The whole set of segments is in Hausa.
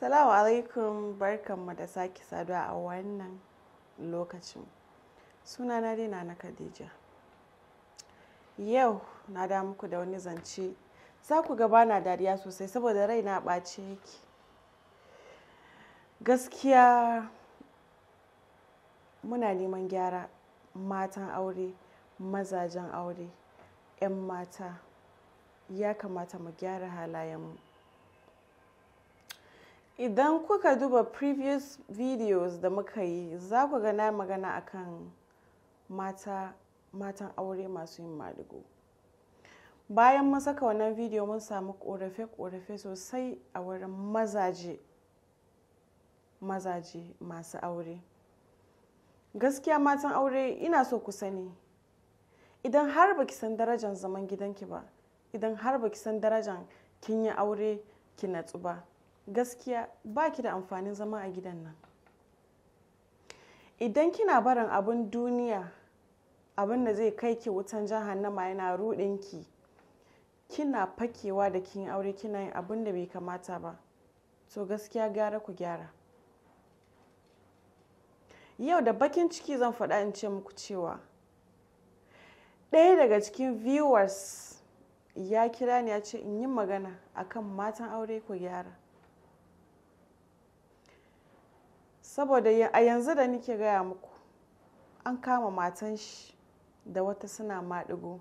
Salamu alaikum barkanmu da sake saduwa a wannan lokacin. Suna na dina na Khadija. Yau na da muku da wani zance. Za ku gaba na dariya sosai saboda rai na ɓace yake. Gaskiya muna neman gyara matan aure, mazajen aure, 'yan mata. Ya kamata mu gyara halayenmu. Idan kuka duba previous videos da muka yi za ku ga magana akan mata matan aure masu yin maligo Bayan mun saka wannan video mun samu ƙorafe korafe sosai a wurin mazaje mazaje masu aure. Gaskiya matan aure ina so ku sani idan har baki san darajar zaman gidanki ba idan har baki san darajar kin yi aure ki natsu ba gaskiya ba ki da amfanin zama a gidan nan idan kina barin abin duniya abin da zai kai ki wutan jahannama yana ruɗinki kina fakewa da kin aure kina yin abin da bai kamata ba to gaskiya gyara ku gyara yau da bakin ciki zan faɗa in ce muku cewa ɗaya daga cikin viewers ya kira ni ya ce in yi magana akan matan aure ku gyara saboda a yanzu da nike gaya muku an kama matan shi da wata suna maɗigo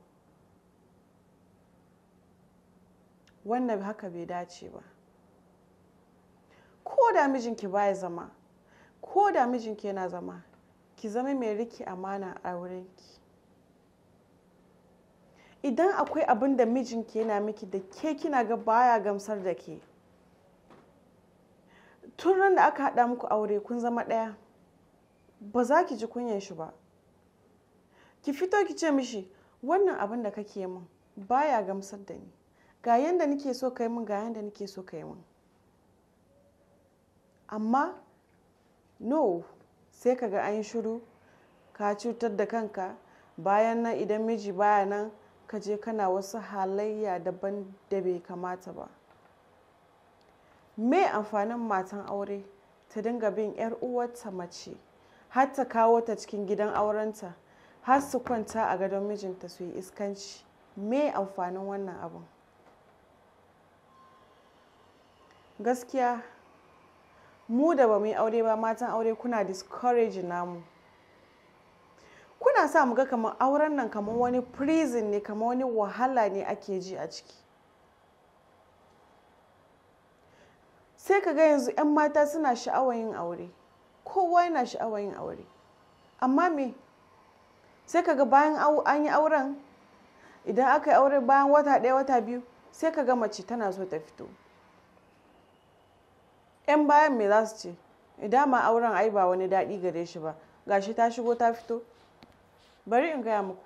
wannan haka bai dace ba ko da mijinki baya zama ko da mijinki yana zama ki zama mai riki amana a wurinki idan akwai abin da mijinki yana miki da ke kina ga baya gamsar da ke tun ran da aka haɗa muku aure kun zama ɗaya ba za ki ji kunyan shi ba ki fito ki ce mishi wannan abin da kake min baya gamsar da ni ga yanda nake so kai min ga yanda nake so kai min amma no sai ka ga an shiru ka cutar da kanka bayan nan idan miji baya nan ka je kana wasu halayya daban da bai kamata ba me amfanin matan aure ta dinga bin 'yar uwarta mace har ta kawo ta cikin gidan aurenta har su kwanta a gadon mijinta su yi iskanci me amfanin wannan abin gaskiya mu da ba mu aure ba matan aure kuna discourage namu kuna sa mu ga kamar auren nan kamar wani prison ne kamar wani wahala ne ake ji a ciki sai ka ga yanzu 'yan mata suna sha'awar yin aure kowa yana sha'awar yin aure amma me sai ka ga bayan an yi auren idan aka yi aure bayan wata ɗaya wata biyu sai ka ga mace tana so ta fito 'yan bayan me za su ce idan eh, ma auren ai ba wani daɗi gare shi ba gashi ta shigo ta fito bari in gaya muku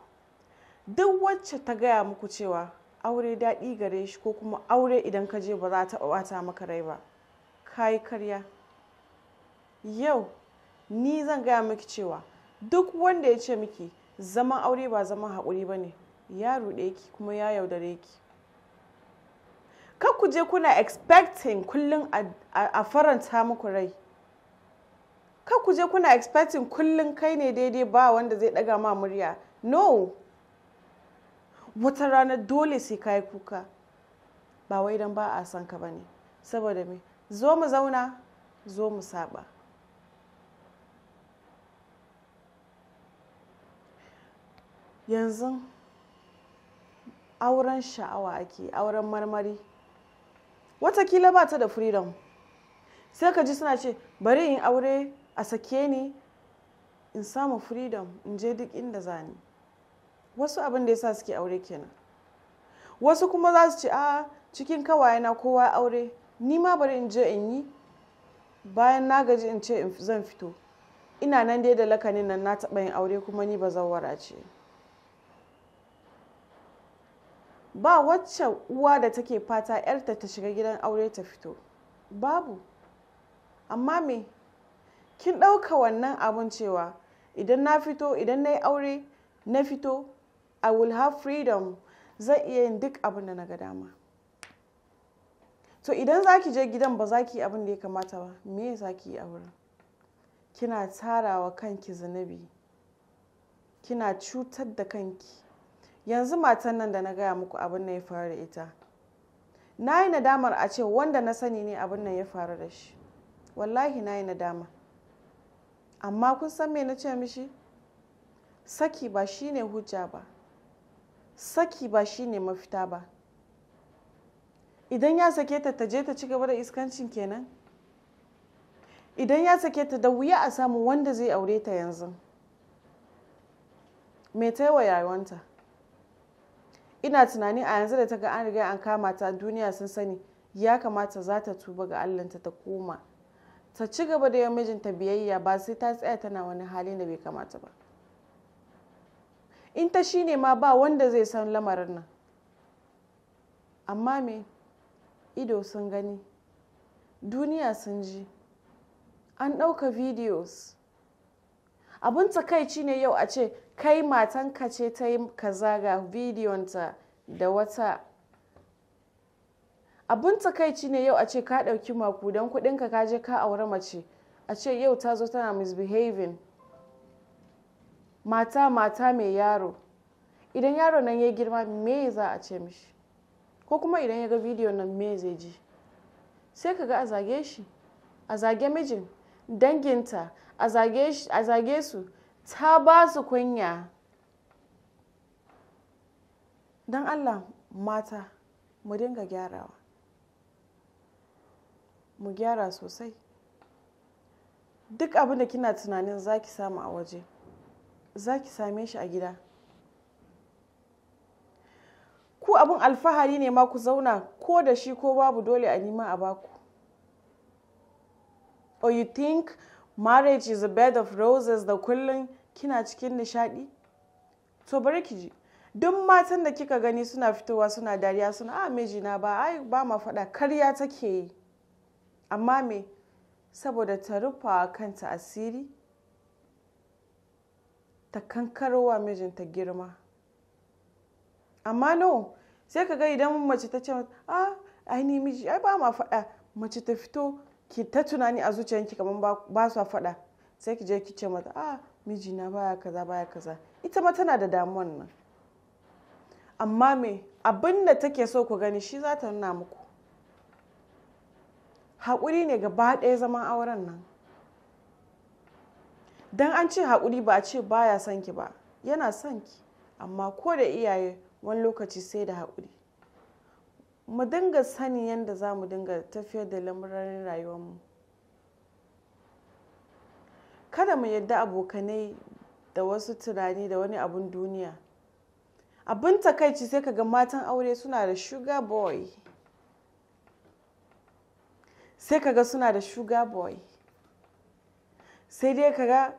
duk wacce ta gaya muku cewa aure daɗi gare shi ko kuma aure idan ka je ba za ta ɓata maka rai ba kayi karya yau ni zan gaya miki cewa duk wanda ya ce miki zaman aure ba zaman haƙuri ba ne ya ruɗe ki kuma ya yaudare ki kar ku je kuna expecting kullum a faranta muku rai kar ku je kuna expecting kullum kai ne daidai ba wanda zai ɗaga ma murya no wata rana dole sai kayi kuka ba wai don ba a son ka ba ne saboda me zo mu zauna zo mu saba yanzu auren sha'awa ake auren marmari watakila ba ta da freedom sai ka ji suna ce bari in aure a sake ni in samu freedom in je duk inda zani wasu abin da ya sa suke aure kenan wasu kuma za su ce a cikin kawayena kowa aure ni ma bari in je in yi bayan na gaji in ce zan fito ina nan dai da lakanin nan na taɓa yin aure kuma ni ba zawara ce ba wacce uwa da take fata yarta ta shiga gidan aure ta fito babu amma me kin ɗauka wannan abun cewa idan na fito idan na yi aure na fito i will have freedom zan iya yin duk abin da na ga dama to idan za ki je gidan ba za ki yi abin da ya kamata ba me za ki yi a wurin kina tarawa kanki zunubi kina cutar da kanki yanzu matan nan da na gaya muku abin nan ya faru da ita na yi nadamar a ce wanda na sani ne abin nan ya faru da shi wallahi na yi nadama amma kun san me na ce mishi saki ba shine hujja ba saki ba shine mafita ba idan ya sake ta ta je ta ci gaba da iskancin kenan idan ya sake ta da wuya a samu wanda zai aure ta yanzu mai ta wa yayuwanta ina tunani a yanzu da ta ga an riga an kama ta duniya sun sani ya kamata za ta tuba ga allanta ta koma ta ci gaba da yawan mijinta biyayya ba sai ta tsaya tana wani hali da bai kamata ba in ta shine ma ba wanda zai san lamarin nan amma me ido sun gani duniya sun ji an ɗauka videos abin takaici ne yau a ce kai matanka ce ta yi kaza ga videonta da wata abin takaici ne yau a ce ka ɗauki makudan kuɗinka ka je ka aure mace a ce yau ta zo tana misbehaving mata mata mai yaro idan yaro nan ya girma me za a ce mishi ko kuma idan ya ga bidiyo nan me zai ji sai ka ga a zage shi a zage mijin danginta a zage su ta ba su kunya don allah mata mu dinga gyarawa mu gyara sosai duk abinda kina tunanin zaki samu a waje zaki same shi a gida ku abun alfahari ne ma ku zauna ko da shi ko babu dole a nima a baku or you think marriage is a bed of roses da kullum kina cikin nishadi to bari ki ji duk matan da kika gani suna fitowa suna dariya suna a ah, mijina ba ai ba ma faɗa karya take yi amma me saboda ta rufa kanta asiri ta kankarowa mijinta girma amma no sai ka ga idan mace ta ce a ai miji ai ba ma faɗa mace ta fito ki ta tunani a zuciyanki kamar ba su faɗa sai ki je ki ce mata a miji na baya kaza baya kaza ita ma tana da damuwan nan amma me abin da take so ku gani shi za ta nuna muku haƙuri ne gaba ɗaya zaman auren nan don an ce haƙuri ba a ce baya son ki ba yana son ki amma ko da iyaye wani lokaci sai da haƙuri mu dinga sani yadda za mu dinga tafiyar da lamuran rayuwarmu kada mu yarda abokanai da wasu tunani da wani abun duniya abin takaici sai kaga matan aure suna da sugar boy sai kaga suna da sugar boy sai dai kaga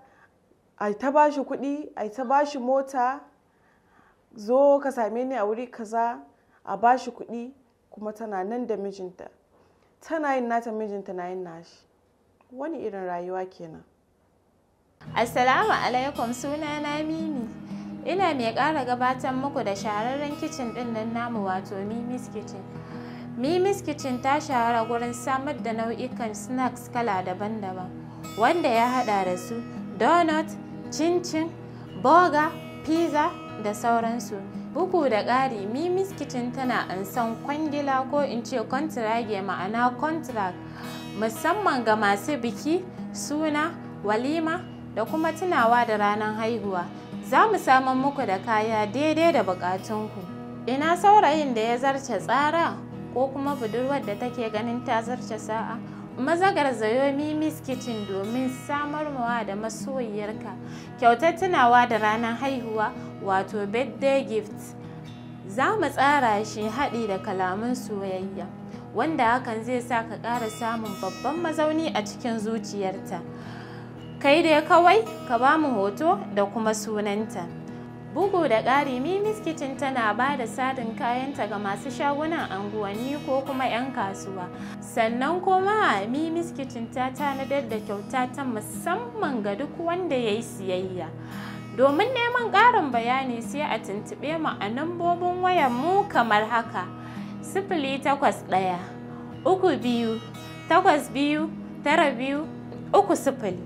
a ta bashi kuɗi a ta bashi mota zo ka same ni a wuri kaza a bashi kuɗi kuma tana nan da mijinta tana yin nata mijinta na yin nashi wani irin rayuwa kenan assalamu alaikum suna na mimi ina mai ƙara gabatar muku da shahararren kicin ɗin nan namu wato mimi's kitchen mimi's kitchen ta shahara gurin samar da nau'ikan snacks kala daban-daban wanda ya haɗa da su donut cincin cin burger pizza da sauransu bugu da ƙari mimis kitchen tana ansan kwangila ko in ce kontrage ma'ana contract musamman ga masu biki suna walima da kuma tunawa da ranar haihuwa za mu saman muku da kaya daidai da bukatunku ina saurayin da ya zarce tsara ko kuma budurwar da take ganin ta zarce sa'a mazagar Zayomi Miss kitchen domin samar mawa da masoyiyarka kyautar tunawa da ranar haihuwa wato birthday gift za mu tsara shi haɗi da kalaman soyayya wanda hakan zai sa ka ƙara samun babban mazauni a cikin zuciyarta kai dai kawai ka ba mu hoto da kuma sunanta Bugu da ƙari Mimis Kitchen tana ba da sadin kayanta ga masu shagunan anguwanni ko kuma 'yan kasuwa. Sannan kuma Mimis Kitchen ta tanadar da kyauta ta musamman ga duk wanda ya yi siyayya. Domin neman ƙarin bayani sai a tuntuɓe mu a nambobin wayar mu kamar haka. Sifili takwas ɗaya, uku biyu, takwas biyu, tara biyu, uku sifili.